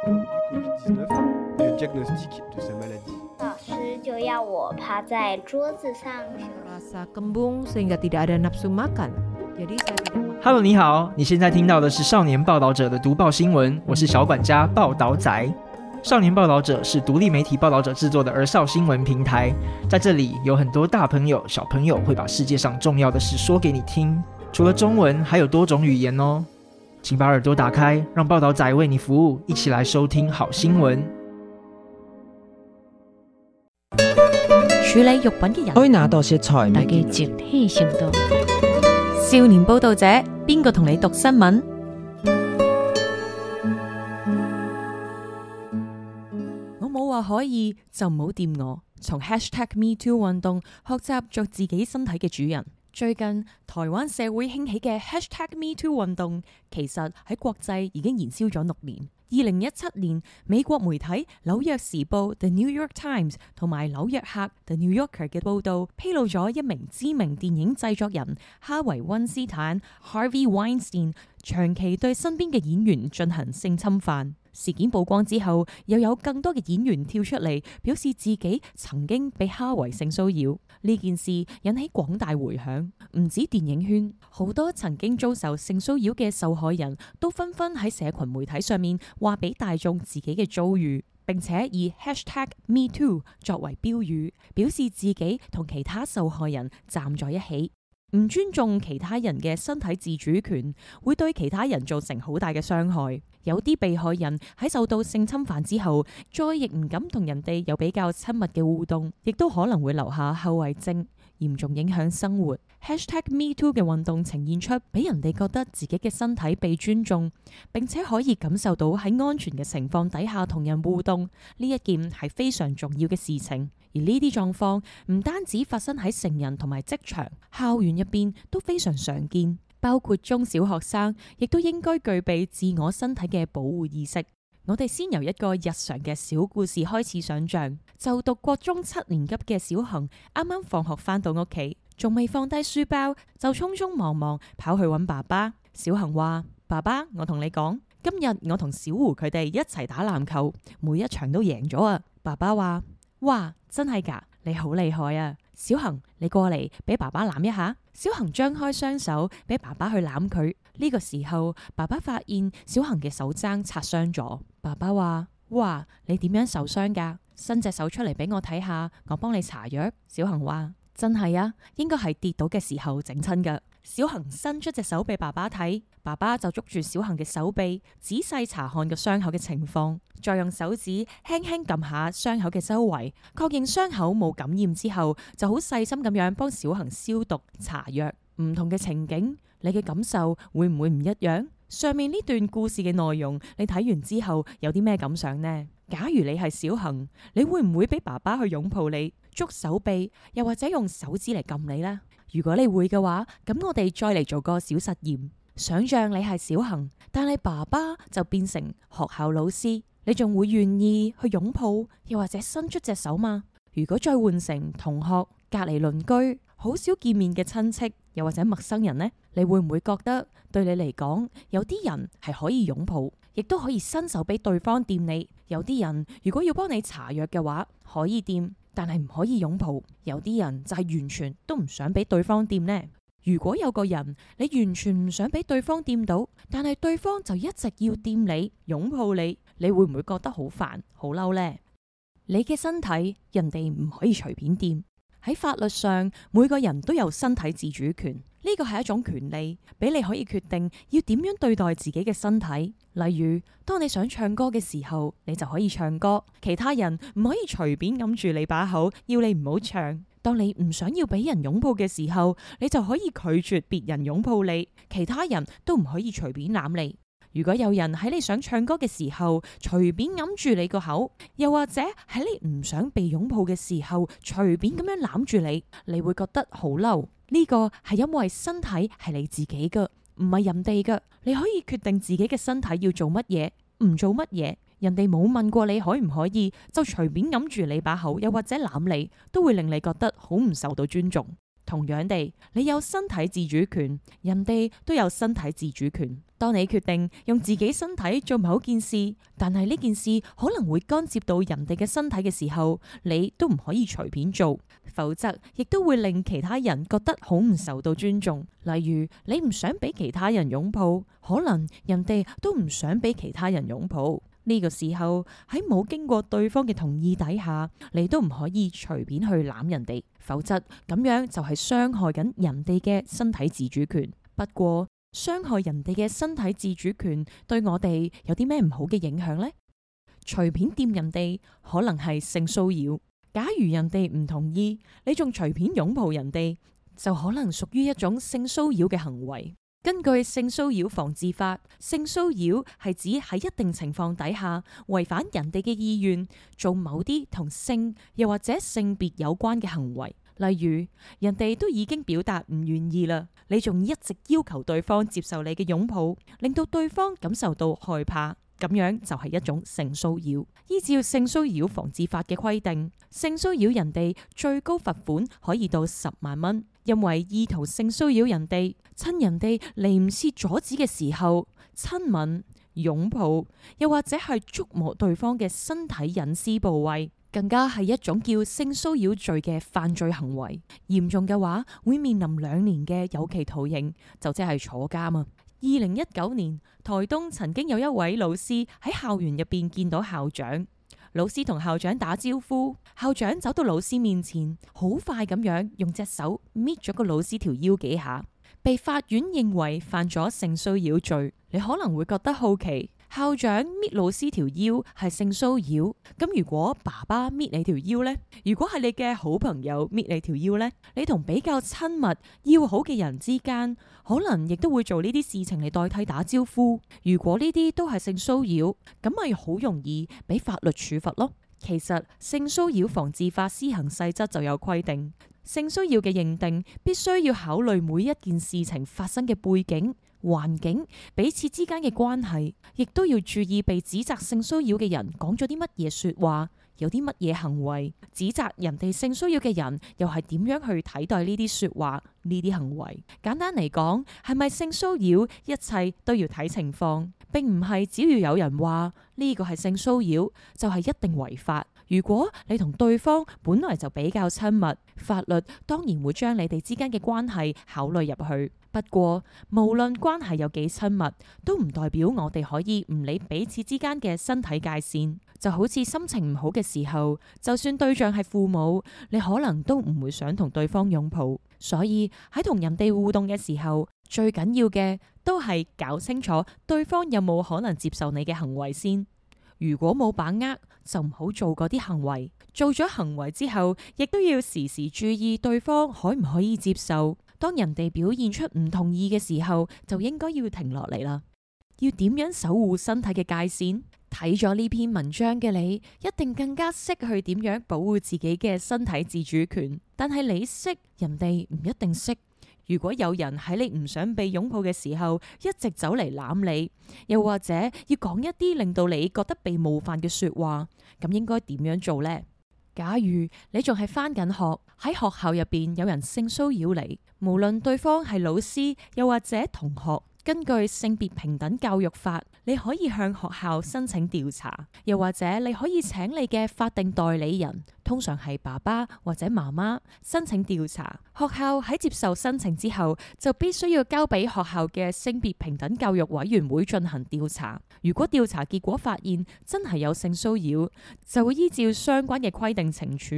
老師就要我趴在桌子上。我覺得腫脹，所以並沒有任何食慾。Hello，你好，你現在聽到的是少年報導者的讀報新聞，我是小管家報導仔。少年報導者是獨立媒體報導者製作的兒少新聞平台，在這裡有很多大朋友小朋友會把世界上重要的事說給你聽，除了中文，還有多種語言哦。請把耳朵打開，讓報道仔為你服務，一起來收聽好新聞。處理肉品嘅人開那道食材嘅絕蹊行動。 少年報道者，邊個同你讀新聞？我冇話可以，就唔好掂我。從 #MeToo 運動學習做自己身體嘅主人。最近台灣社會興起嘅 hashtag #MeToo 運動，其實喺國際已經燃燒咗六年。二零一七年，美國媒體《紐約時報》The New York Times 同埋《紐約客》The New Yorker 嘅報導，披露咗一名知名電影製作人哈維·溫斯坦 （Harvey Weinstein） 長期對身邊嘅演員進行性侵犯。事件曝光之後，又有更多嘅演員跳出嚟，表示自己曾經被哈維性騷擾。呢件事引起廣大回響。唔止電影圈，好多曾經遭受性騷擾嘅受害人都紛紛喺社群媒體上面話俾大眾自己嘅遭遇，並且以 hashtag me too 作為標語，表示自己同其他受害人站在一起。唔尊重其他人嘅身體自主權，會對其他人造成好大嘅傷害。有啲被害人喺受到性侵犯之後，再亦唔敢同人哋有比較親密嘅互動，亦都可能會留下後遺症，嚴重影響生活。 Hashtag #MeToo 嘅運動呈現出俾人哋覺得自己嘅身體被尊重，並且可以感受到喺安全嘅情況底下同人互動呢一件係非常重要嘅事情。而呢啲狀況唔單止發生喺成人同埋職場、校園入邊都非常常見，包括中小學生亦都應該具備自我身體嘅保護意識。我哋先由一個日常嘅小故事開始想象。就讀國中七年級嘅小恒，啱啱放學返到屋企，仲未放低書包，就匆匆忙忙跑去揾爸爸。小恒話：爸爸，我同你講，今日我同小胡佢哋一齊打籃球，每一場都贏咗啊！爸爸話。哇，真係噶，你好厲害啊！小恒，你過嚟畀爸爸攬一下。小恒張開雙手畀爸爸去攬佢。呢個時候，爸爸發現小恒嘅手踭擦傷咗。爸爸話：哇，你點樣受傷噶？伸隻手出嚟畀我睇下，我幫你搽藥。小恒話：真係啊，應該係跌倒嘅時候整親噶。小恒伸出隻手臂，俾爸爸睇，爸爸就捉住小恒嘅手臂，仔細查看個傷口嘅情況，再用手指輕輕撳下傷口嘅周圍，確認傷口冇感染之後，就好細心咁樣幫小恒消毒、搽藥。唔同嘅情景，你嘅感受會唔會唔一樣？上面呢段故事嘅內容，你睇完之後有啲咩感想呢？假如你係小恒，你會唔會俾爸爸去擁抱你、捉手臂，又或者用手指嚟撳你呢？如果你會嘅話，咁我哋再嚟做個小實驗。想象你係小恒，但你爸爸就變成學校老師，你仲會願意去擁抱，又或者伸出隻手嗎？如果再換成同學、隔籬鄰居、好少見面嘅親戚，又或者陌生人呢？你會唔會覺得對你嚟講，有啲人係可以擁抱，亦都可以伸手俾對方掂你；有啲人如果要幫你搽藥嘅話，可以掂。但係唔可以擁抱，有啲人就係完全都唔想俾對方掂呢。如果有個人，你完全唔想俾對方掂到，但係對方就一直要掂你、擁抱你，你會唔會覺得好煩、好嬲呢？你嘅身體，人哋唔可以隨便掂。喺法律上，每個人都有身體自主權。呢個係一種權利，俾你可以決定要點樣對待自己嘅身體。例如，當你想唱歌嘅時候，你就可以唱歌；其他人唔可以隨便揞住你把口，要你唔好唱。當你唔想要俾人擁抱嘅時候，你就可以拒絕別人擁抱你；其他人都唔可以隨便攬你。如果有人喺你想唱歌嘅時候隨便揞住你個口，又或者喺你唔想被擁抱嘅時候隨便咁樣攬住你，你會覺得好嬲。呢個係因為身體係你自己㗎，唔係人哋㗎。你可以決定自己嘅身體要做乜嘢，唔做乜嘢。人哋冇問過你可唔可以，就隨便揞住你把口，又或者攬你，都會令你覺得好唔受到尊重。同樣地，你有身體自主權，人哋都有身體自主權。當你決定用自己身體做某件事，但係呢件事可能會干涉到人哋嘅身體嘅時候，你都唔可以隨便做，否則亦都會令其他人覺得好唔受到尊重。例如，你唔想俾其他人擁抱，可能人哋都唔想俾其他人擁抱。呢個時候喺冇經過對方嘅同意底下，你都唔可以隨便去攬人哋，否則咁樣就係傷害緊人哋嘅身體自主權。不過，傷害人哋嘅身體自主權，對我哋有啲咩唔好嘅影響呢？隨便掂人哋，可能係性騷擾。假如人哋唔同意，你仲隨便擁抱人哋，就可能屬於一種性騷擾嘅行為。根據《性騷擾防治法》，性騷擾係指喺一定情況底下，違反人哋嘅意願，做某啲同性又或者性別有關嘅行為。例如，人哋都已經表達唔願意啦，你仲一直要求對方接受你嘅擁抱，令到對方感受到害怕，咁樣就係一種性騷擾。依照性騷擾防治法嘅規定，性騷擾人哋最高罰款可以到十萬蚊，因為意圖性騷擾人哋、趁人哋嚟唔切阻止嘅時候，親吻、擁抱，又或者係觸摸對方嘅身體隱私部位。更加係一種叫性騷擾罪嘅犯罪行為，嚴重嘅話會面臨兩年嘅有期徒刑，就即係坐監啊！二零一九年台東曾經有一位老師喺校園入面見到校長，老師同校長打招呼，校長走到老師面前，好快咁樣用隻手搣咗個老師條腰幾下，被法院認為犯咗性騷擾罪，你可能會覺得好奇。校長搣老師條腰係性騷擾，咁如果爸爸搣你條腰咧？如果係你嘅好朋友搣你條腰咧？你同比較親密要好嘅人之間，可能亦都會做呢啲事情嚟代替打招呼。如果呢啲都係性騷擾，咁咪好容易俾法律處罰咯。其實性騷擾防治法施行細則就有規定，性騷擾嘅認定必須要考慮每一件事情發生嘅背景，環境、彼此之間嘅關係，亦都要注意被指責性騷擾嘅人講咗啲乜嘢說話，有啲乜嘢行為，指責人哋性騷擾嘅人又係點樣去睇待呢啲說話呢啲行為？簡單嚟講，係咪性騷擾？一切都要睇情況，並唔係只要有人話呢個係性騷擾，就係一定違法。如果你同對方本來就比較親密，法律當然會將你哋之間嘅關係考慮入去。不過，無論關係有幾親密，都唔代表我哋可以唔理彼此之間嘅身體界線。就好似心情唔好嘅時候，就算對象係父母，你可能都唔會想同對方擁抱。所以喺同人哋互動嘅時候，最緊要嘅都係搞清楚對方有冇可能接受你嘅行為先。如果冇把握，就唔好做嗰啲行為。做咗行為之後，亦都要時時注意對方可唔可以接受。當人哋表現出唔同意嘅時候，就應該要停落嚟啦。要點樣守護身體嘅界線？睇咗呢篇文章嘅你，一定更加識去點樣保護自己嘅身體自主權。但係你識，人哋唔一定識。如果有人喺你唔想被擁抱嘅時候一直走嚟攬你又或者要講一啲令到你覺得被冒犯嘅說話，咁應該點樣做咧？假如你仲係翻緊學，喺學校入邊有人性騷擾你，無論對方係老師又或者同學，根據性別平等教育法，你可以向學校申請調查，又或者你可以請你嘅法定代理人，通常係爸爸或者媽媽申請調查，學校喺接受申請之後，就必須要交俾學校嘅性別平等教育委員會進行調查。如果調查結果發現真係有性騷擾，就會依照相關嘅規定懲處。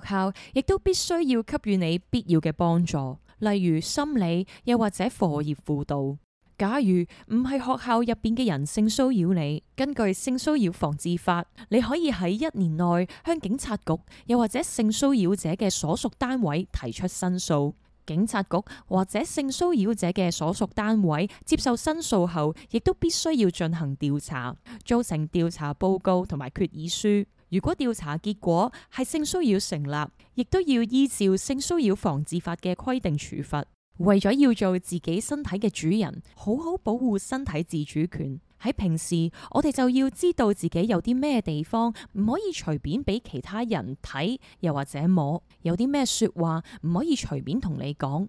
學校亦都必須要給予你必要嘅幫助，例如心理又或者課業輔導。假如唔係學校入邊嘅人性騷擾你，根據性騷擾防治法，你可以喺一年內向警察局又或者性騷擾者嘅所屬單位提出申訴。警察局或者性騷擾者嘅所屬單位接受申訴後，亦都必須要進行調查，做成調查報告同埋決議書。如果調查結果係性騷擾成立，亦都要依照性騷擾防治法嘅規定處罰。為咗要做自己身體嘅主人，好好保護身體自主權，喺平時我哋就要知道自己有啲咩地方唔可以隨便俾其他人睇，又或者摸，有啲咩說話唔可以隨便同你講，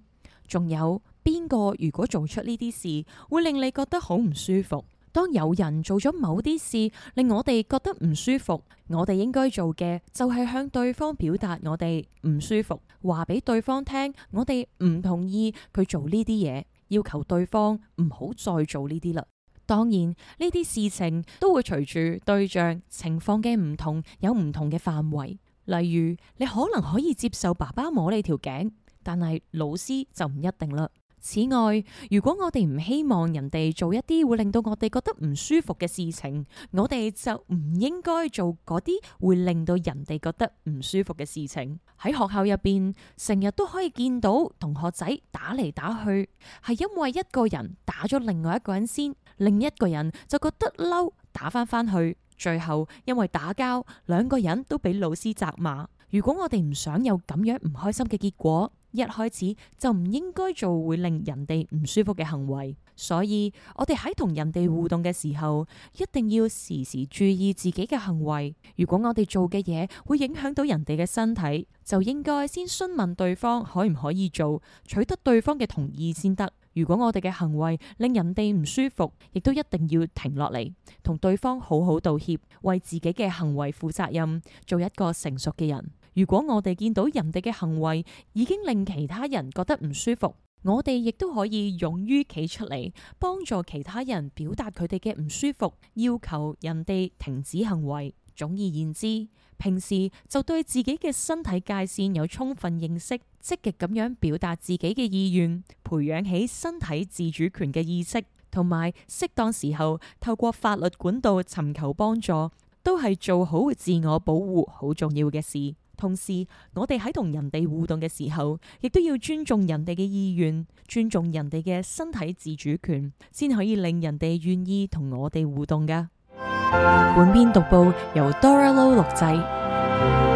仲有邊個如果做出呢啲事，會令你覺得好唔舒服。當有人做咗某啲事令我哋覺得唔舒服，我哋應該做嘅就係向對方表達我哋唔舒服，話俾對方聽我哋唔同意佢做呢啲嘢，要求對方唔好再做呢啲啦。當然呢啲事情都會隨住對象、情況嘅唔同，有唔同嘅範圍。例如你可能可以接受爸爸摸你條頸，但係老師就唔一定啦。此外，如果我哋唔希望人哋做一啲會令到我哋覺得唔舒服嘅事情，我哋就唔應該做嗰啲會令到人哋覺得唔舒服嘅事情。喺學校入邊，成日都可以見到同學仔打嚟打去，係因為一個人打咗另外一個人先，另一個人就覺得嬲，打翻翻去，最後因為打交，兩個人都俾老師責罵。如果我哋唔想有咁樣唔開心嘅結果，一開始就唔應該做會令人哋唔舒服嘅行為，所以我哋喺同人哋互動嘅時候，一定要時時注意自己嘅行為。如果我哋做嘅嘢會影響到人哋嘅身體，就應該先詢問對方可唔可以做，取得對方嘅同意先得。如果我哋嘅行為令人哋唔舒服，亦都一定要停落嚟，同對方好好道歉，為自己嘅行為負責任，做一個成熟嘅人。如果我哋見到人哋嘅行為已經令其他人覺得唔舒服，我哋亦都可以勇於企出嚟，幫助其他人表達佢哋嘅唔舒服，要求人哋停止行為。總而言之，平時就對自己嘅身體界線有充分認識，積極咁樣表達自己嘅意願，培養起身體自主權嘅意識，同埋適當時候透過法律管道尋求幫助，都係做好自我保護好重要嘅事。同時，我哋喺同人哋互動嘅時候，亦都要尊重人哋嘅意願，尊重人哋嘅身體自主權，先可以令人哋願意同我哋互動噶。本篇讀報由 Dora Lo 錄製。